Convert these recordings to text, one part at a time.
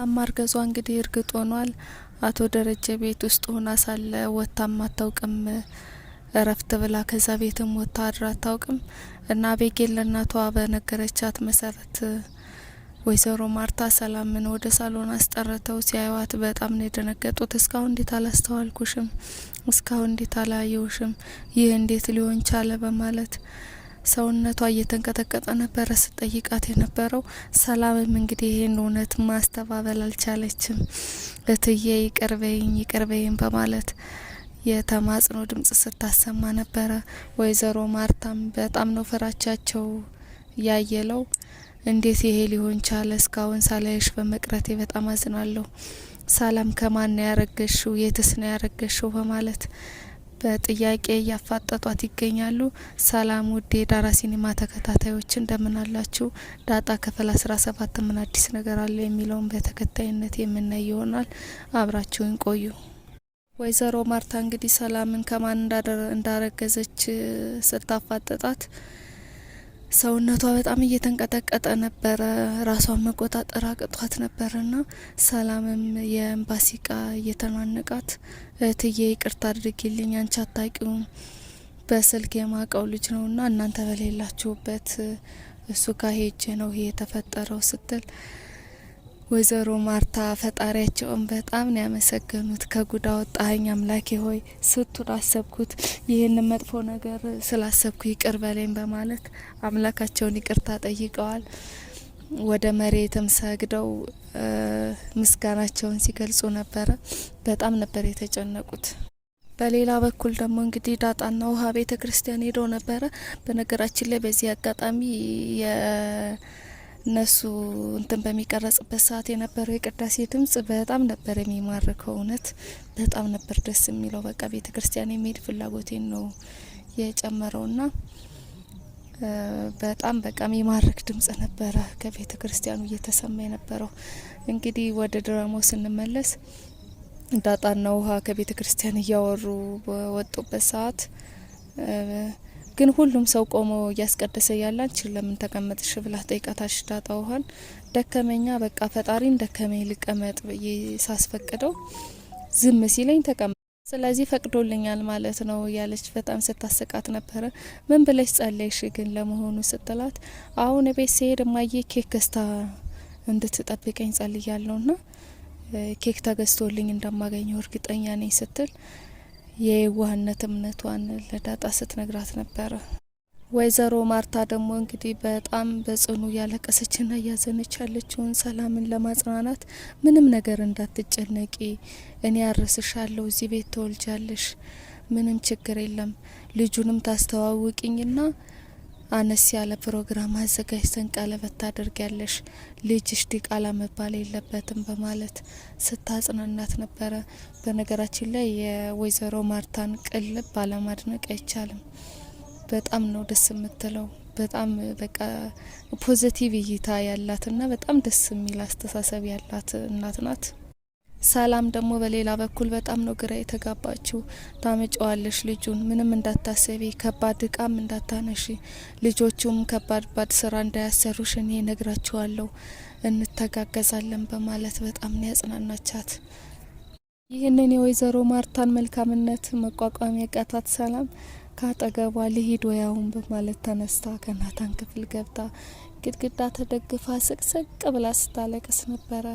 ሰላም ማርገዟ እንግዲህ እርግጥ ሆኗል። አቶ ደረጀ ቤት ውስጥ ሆና ሳለ ወታም አታውቅም። እረፍት ብላ ከዛ ቤትም ወታ አድራ አታውቅም እና አቤጌል ለእናቷ በነገረቻት መሰረት ወይዘሮ ማርታ ሰላምን ወደ ሳሎን አስጠርተው ሲያዩዋት በጣም ነው የደነገጡት። እስካሁን እንዴት አላስተዋልኩሽም? እስካሁን እንዴት አላየውሽም? ይህ እንዴት ሊሆን ቻለ? በማለት ሰውነቷ እየተንቀጠቀጠ ነበረ ስጠይቃት የነበረው። ሰላምም እንግዲህ ይህን እውነት ማስተባበል አልቻለችም። እትዬ ይቅርበኝ ይቅርበኝ በማለት የተማጽኖ ድምጽ ስታሰማ ነበረ። ወይዘሮ ማርታም በጣም ነው ፍራቻቸው ያየለው። እንዴት ይሄ ሊሆን ቻለ? እስካሁን ሳላይሽ በመቅረቴ በጣም አዝናለሁ። ሰላም ከማን ነው ያረገሽው? የትስ ነው ያረገሽው? በማለት በጥያቄ እያፋጠጧት ይገኛሉ። ሰላም ውድ የዳራ ሲኒማ ተከታታዮች እንደምን አላችሁ? ዳጣ ክፍል አስራ ሰባት ምን አዲስ ነገር አለ የሚለውን በተከታይነት የምናይ ይሆናል። አብራችሁን ቆዩ። ወይዘሮ ማርታ እንግዲህ ሰላምን ከማን እንዳረገዘች ስታፋጠጣት ሰውነቷ በጣም እየተንቀጠቀጠ ነበረ። ራሷን መቆጣጠር አቅቷት ነበርና ሰላምም የእምባሲ እየተናነቃት እህትዬ ይቅርታ አድርጊልኝ፣ አንቺ አታቂውም በስልክ የማቀው ልጅ ነው እና እናንተ በሌላችሁበት እሱ ጋር ሄጄ ነው ይሄ የተፈጠረው ስትል ወይዘሮ ማርታ ፈጣሪያቸውን በጣም ነው ያመሰገኑት። ከጉዳ ወጣኸኝ አምላኬ ሆይ ስቱን አሰብኩት፣ ይህን መጥፎ ነገር ስላሰብኩ ይቅር በለኝ በማለት አምላካቸውን ይቅርታ ጠይቀዋል። ወደ መሬትም ሰግደው ምስጋናቸውን ሲገልጹ ነበረ። በጣም ነበር የተጨነቁት። በሌላ በኩል ደግሞ እንግዲህ ዳጣና ውሃ ቤተ ክርስቲያን ሄደው ነበረ። በነገራችን ላይ በዚህ አጋጣሚ እነሱ እንትን በሚቀረጽበት ሰዓት የነበረው የቅዳሴ ድምጽ በጣም ነበር የሚማርከው። እውነት በጣም ነበር ደስ የሚለው። በቃ ቤተ ክርስቲያን የሚሄድ ፍላጎቴን ነው ና በጣም በቃ የሚማርክ ድምጽ ነበረ ከቤተ ክርስቲያኑ እየተሰማ የነበረው። እንግዲህ ወደ ድራማው ስንመለስ ዳጣና ውሃ ከቤተ ክርስቲያን እያወሩ በወጡበት ሰዓት ግን ሁሉም ሰው ቆሞ እያስቀደሰ ያለ አንቺን ለምን ተቀመጥሽ ብላ ጠይቃታሽ። ዳጣውሃን ደከመኛ በቃ ፈጣሪን ደከመኝ ልቀመጥ ብዬ ሳስፈቅደው ዝም ሲለኝ ተቀመ ስለዚህ ፈቅዶልኛል ማለት ነው ያለች በጣም ስታሰቃት ነበረ። ምን ብለሽ ጸለይሽ ግን ለመሆኑ ስትላት፣ አሁን ቤት ስሄድ እማዬ ኬክ ገዝታ እንድትጠብቀኝ ጸልያለሁና ኬክ ተገዝቶልኝ እንደማገኘው እርግጠኛ ነኝ ስትል የዋህነት እምነቷን ለዳጣ ስትነግራት ነበረ። ወይዘሮ ማርታ ደግሞ እንግዲህ በጣም በጽኑ እያለቀሰችና እያዘነች ያለችውን ሰላምን ለማጽናናት ምንም ነገር እንዳትጨነቂ፣ እኔ ያርስሻለሁ፣ እዚህ ቤት ተወልጃለሽ ምንም ችግር የለም፣ ልጁንም ታስተዋውቅኝና አነስ ያለ ፕሮግራም አዘጋጅተን ቀለበት ታደርጊያለሽ፣ ልጅሽ ዲቃላ መባል የለበትም በማለት ስታጽናናት ነበረ። በነገራችን ላይ የወይዘሮ ማርታን ቅልብ ባለማድነቅ አይቻልም። በጣም ነው ደስ የምትለው። በጣም በቃ ፖዘቲቭ እይታ ያላትና በጣም ደስ የሚል አስተሳሰብ ያላት እናት ናት። ሰላም ደግሞ በሌላ በኩል በጣም ነው ግራ የተጋባችው። ታመጫዋለሽ ልጁን ምንም እንዳታሰቢ፣ ከባድ እቃም እንዳታነሺ፣ ልጆቹም ከባድ ባድ ስራ እንዳያሰሩሽ እኔ ነግራችኋለሁ፣ እንተጋገዛለን በማለት በጣም ነው ያጽናናቻት። ይህንን የወይዘሮ ማርታን መልካምነት መቋቋም ያቃታት ሰላም ካጠገቧ ልሂድ ወያውን በማለት ተነስታ ከናታን ክፍል ገብታ ግድግዳ ተደግፋ ስቅስቅ ብላ ስታለቅስ ነበረ።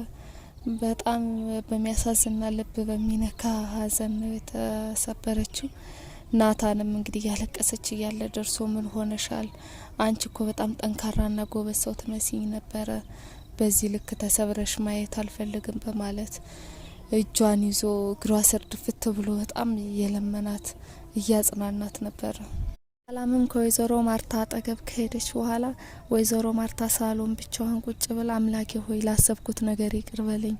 በጣም በሚያሳዝንና ልብ በሚነካ ሀዘን ነው የተሰበረችው። ናታንም እንግዲህ እያለቀሰች እያለ ደርሶ ምን ሆነሻል? አንቺ እኮ በጣም ጠንካራና ጎበዝ ሰው ትመስኝ ነበረ። በዚህ ልክ ተሰብረሽ ማየት አልፈልግም በማለት እጇን ይዞ እግሯ ስር ድፍት ብሎ በጣም እየለመናት እያጽናናት ነበረ። ሰላምም ከወይዘሮ ማርታ አጠገብ ከሄደች በኋላ ወይዘሮ ማርታ ሳሎን ብቻዋን ቁጭ ብላ አምላኬ ሆይ ላሰብኩት ነገር ይቅር በለኝ።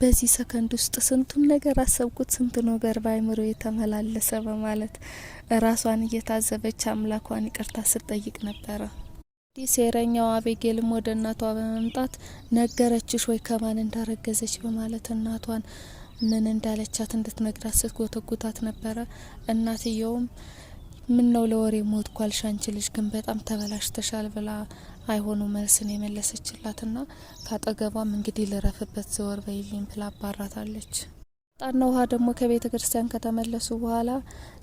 በዚህ ሰከንድ ውስጥ ስንቱን ነገር አሰብኩት፣ ስንት ነገር በአይምሮ የተመላለሰ በማለት ራሷን እየታዘበች አምላኳን ይቅርታ ስጠይቅ ነበረ። እንዲህ ሴረኛው አቤጌልም ወደ እናቷ በመምጣት ነገረችሽ ወይ ከማን እንዳረገዘች በማለት እናቷን ምን እንዳለቻት እንድትነግራት ስትጎተጉታት ነበረ። እናትየውም ምን ነው ለወሬ ሞት ኳልሽ? አንቺ ልጅ ግን በጣም ተበላሽተሻል ብላ አይሆኑ መልስን የመለሰችላትና ካጠገቧም እንግዲህ ልረፍበት ዘወር በይልኝ ብላ አባራታለች። ጣና ውሃ ደግሞ ከቤተ ክርስቲያን ከተመለሱ በኋላ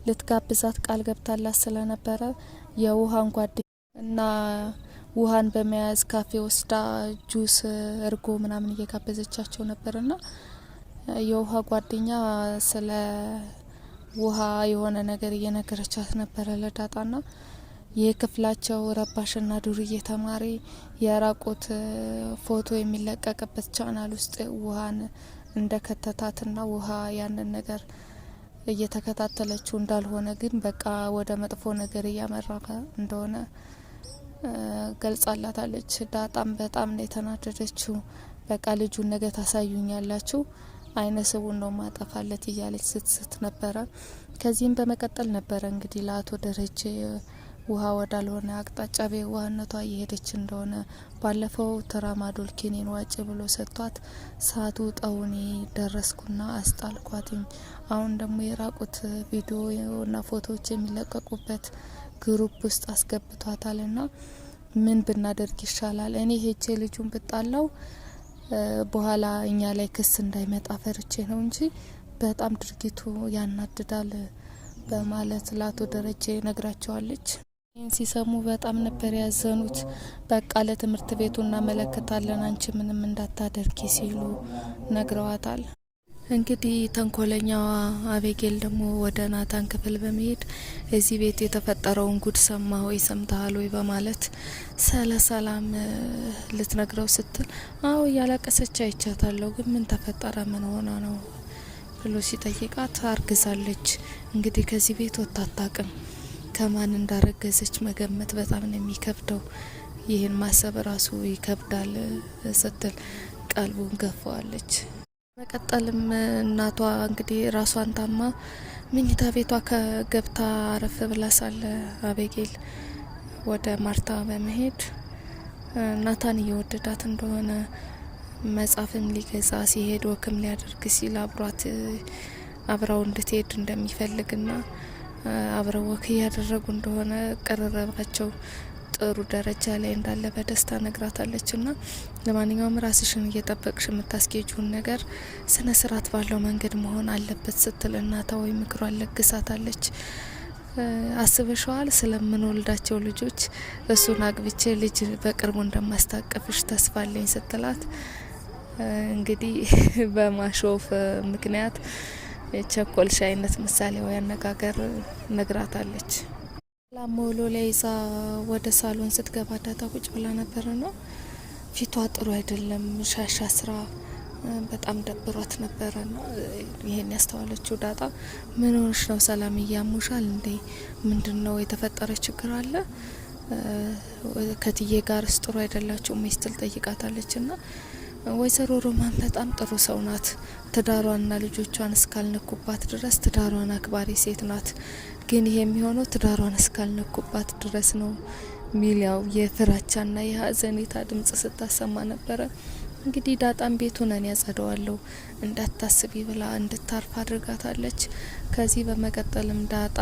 ልትጋብዛት ቃል ገብታላት ስለነበረ የውሃን ጓደ እና ውሃን በመያዝ ካፌ ወስዳ ጁስ፣ እርጎ ምናምን እየጋበዘቻቸው ነበርና የውሃ ጓደኛ ስለ ውሃ የሆነ ነገር እየነገረቻት ነበረ ና የክፍላቸው ረባሽና ዱርዬ ተማሪ የራቁት ፎቶ የሚለቀቅበት ቻናል ውስጥ ውሃን እንደከተታትና ውሃ ያንን ነገር እየተከታተለችው እንዳልሆነ ግን በቃ ወደ መጥፎ ነገር እያመራ እንደሆነ ገልጻላታለች። ዳጣም በጣም ነው የተናደደችው። በቃ ልጁን ነገ ታሳዩኛላችሁ አይነ ስቡን ነው ማጠፋለት እያለች ስትስት ነበረ። ከዚህም በመቀጠል ነበረ እንግዲህ ለአቶ ደረጀ ውሃ ወዳልሆነ አቅጣጫ በየዋህነቷ እየሄደች እንደሆነ ባለፈው ትራማዶል ኬኔን ዋጭ ብሎ ሰጥቷት ሰዓቱ ጠውኔ ደረስኩና አስጣልኳትኝ። አሁን ደግሞ የራቁት ቪዲዮና ፎቶዎች የሚለቀቁበት ግሩፕ ውስጥ አስገብቷታልና ምን ብናደርግ ይሻላል? እኔ ሄቼ ልጁን ብጣለው በኋላ እኛ ላይ ክስ እንዳይመጣ ፈርቼ ነው እንጂ በጣም ድርጊቱ ያናድዳል በማለት ለአቶ ደረጀ ነግራቸዋለች። ይህን ሲሰሙ በጣም ነበር ያዘኑት። በቃ ለትምህርት ቤቱ እናመለከታለን አንቺ ምንም እንዳታደርጊ ሲሉ ነግረዋታል። እንግዲህ ተንኮለኛዋ አቤጌል ደግሞ ወደ ናታን ክፍል በመሄድ እዚህ ቤት የተፈጠረውን ጉድ ሰማ ወይ ሰምተሃል ወይ በማለት ስለ ሰላም ልትነግረው ስትል አዎ እያለቀሰች አይቻታለሁ፣ ግን ምን ተፈጠረ? ምን ሆነ ነው ብሎ ሲጠይቃት አርግዛለች፣ እንግዲህ ከዚህ ቤት ወጥታ አታውቅም። ከማን እንዳረገዘች መገመት በጣም ነው የሚከብደው፣ ይህን ማሰብ ራሱ ይከብዳል ስትል ቀልቡን ገፋዋለች። መቀጠልም እናቷ እንግዲህ ራሷን ታማ ምኝታ ቤቷ ከገብታ አረፍ ብላ ሳለ አቤጌል ወደ ማርታ በመሄድ ናታን እየወደዳት እንደሆነ መጽሐፍም ሊገዛ ሲሄድ ወክም ሊያደርግ ሲል አብሯት አብረው እንድትሄድ እንደሚፈልግና አብረው ወክ እያደረጉ እንደሆነ ቀረረባቸው ጥሩ ደረጃ ላይ እንዳለ በደስታ ነግራታለች። ና ለማንኛውም ራስሽን እየጠበቅሽ የምታስጌጁን ነገር ስነ ስርዓት ባለው መንገድ መሆን አለበት ስትል እናቷ ወይ ምክሯን ለግሳታለች። አስበሸዋል ስለምንወልዳቸው ልጆች እሱን አግብቼ ልጅ በቅርቡ እንደማስታቀፍሽ ተስፋለኝ ስትላት እንግዲህ በማሾፍ ምክንያት የቸኮልሽ አይነት ምሳሌያዊ አነጋገር ነግራታለች። ላሞሎ ላይ ይዛ ወደ ሳሎን ስትገባ ዳታ ቁጭ ብላ ነበረ ነው። ፊቷ ጥሩ አይደለም። ሻሻ ስራ በጣም ደብሯት ነበረ ነው ይሄን ያስተዋለችው። ዳጣ ምን ሆንሽ ነው ሰላም? እያሙሻል እንዴ? ምንድን ነው የተፈጠረ ችግር አለ? ከትዬ ጋርስ ጥሩ አይደላችሁ ስትል ጠይቃታለች ና ወይዘሮ ሮማን በጣም ጥሩ ሰው ናት። ትዳሯንና ልጆቿን እስካልነኩባት ድረስ ትዳሯን አክባሪ ሴት ናት። ግን ይሄ የሚሆነው ትዳሯን እስካልነኩባት ድረስ ነው ሚሊያው የፍራቻና የሀዘኔታ ድምጽ ስታሰማ ነበረ። እንግዲህ ዳጣም ቤቱን እኔ ያጸደዋለሁ እንዳታስቢ ብላ እንድታርፍ አድርጋታለች። ከዚህ በመቀጠልም ዳጣ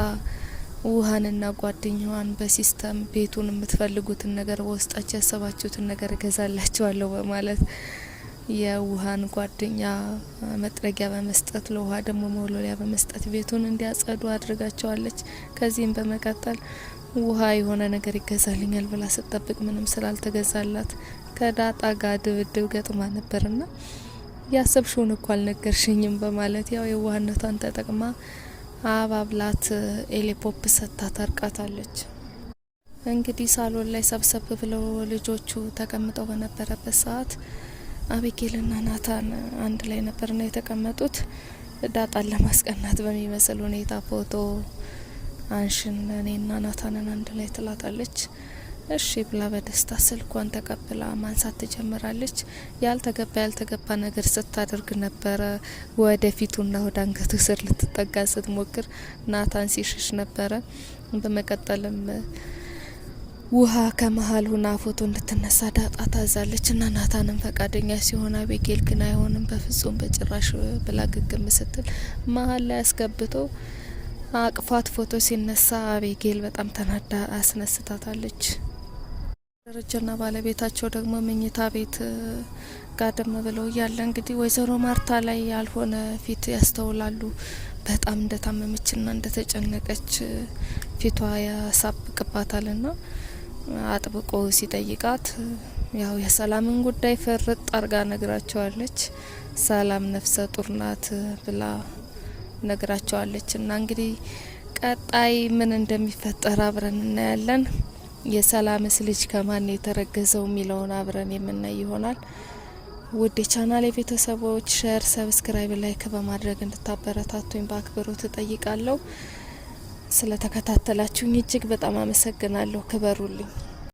ውሀንና ጓደኛዋን በሲስተም ቤቱን የምትፈልጉትን ነገር በውስጣቸው ያሰባችሁትን ነገር እገዛላችኋለሁ በማለት የውሃን ጓደኛ መጥረጊያ በመስጠት ለውሃ ደግሞ መወልወያ በመስጠት ቤቱን እንዲያጸዱ አድርጋቸዋለች። ከዚህም በመቀጠል ውሃ የሆነ ነገር ይገዛልኛል ብላ ስትጠብቅ ምንም ስላልተገዛላት ከዳጣ ጋር ድብድብ ገጥማ ነበርና ያሰብሽውን እኮ አልነገርሽኝም በማለት ያው የዋህነቷን ተጠቅማ አባብላት ኤሌፖፕ ሰታ ታርቃታለች። እንግዲህ ሳሎን ላይ ሰብሰብ ብለው ልጆቹ ተቀምጠው በነበረበት ሰዓት አቤጌልና ናታን አንድ ላይ ነበር ነው የተቀመጡት። ዳጣን ለማስቀናት በሚመስል ሁኔታ ፎቶ አንሽን እኔና ናታንን አንድ ላይ ትላታለች። እሺ ብላ በደስታ ስልኳን ተቀብላ ማንሳት ትጀምራለች። ያልተገባ ያልተገባ ነገር ስታደርግ ነበረ። ወደፊቱና ወደ አንገቱ ስር ልትጠጋ ስትሞክር ናታን ሲሽሽ ነበረ። በመቀጠልም ውሃ ከመሀል ሁና ፎቶ እንድትነሳ ዳጣ ታዛለች እና ናታንም ፈቃደኛ ሲሆን አቤጌል ግን አይሆንም በፍጹም በጭራሽ ብላ ግግም ስትል መሀል ላይ አስገብቶ አቅፋት ፎቶ ሲነሳ አቤጌል በጣም ተናዳ አስነስታታለች። ደረጀና ባለቤታቸው ደግሞ መኝታ ቤት ጋደም ብለው እያለ እንግዲህ ወይዘሮ ማርታ ላይ ያልሆነ ፊት ያስተውላሉ። በጣም እንደታመመችና እንደተጨነቀች ፊቷ ያሳብቅባታልና አጥብቆ ሲጠይቃት ያው የሰላምን ጉዳይ ፈርጥ አርጋ ነግራቸዋለች። ሰላም ነፍሰ ጡር ናት ብላ ነግራቸዋለች። እና እንግዲህ ቀጣይ ምን እንደሚፈጠር አብረን እናያለን። የሰላምስ ልጅ ከማን የተረገዘው የሚለውን አብረን የምናይ ይሆናል። ውድ የቻናል የቤተሰቦች ሸር፣ ሰብስክራይብ፣ ላይክ በማድረግ እንድታበረታቱኝ በአክብሮት እጠይቃለሁ። ስለተከታተላችሁኝ እጅግ በጣም አመሰግናለሁ። ክበሩልኝ።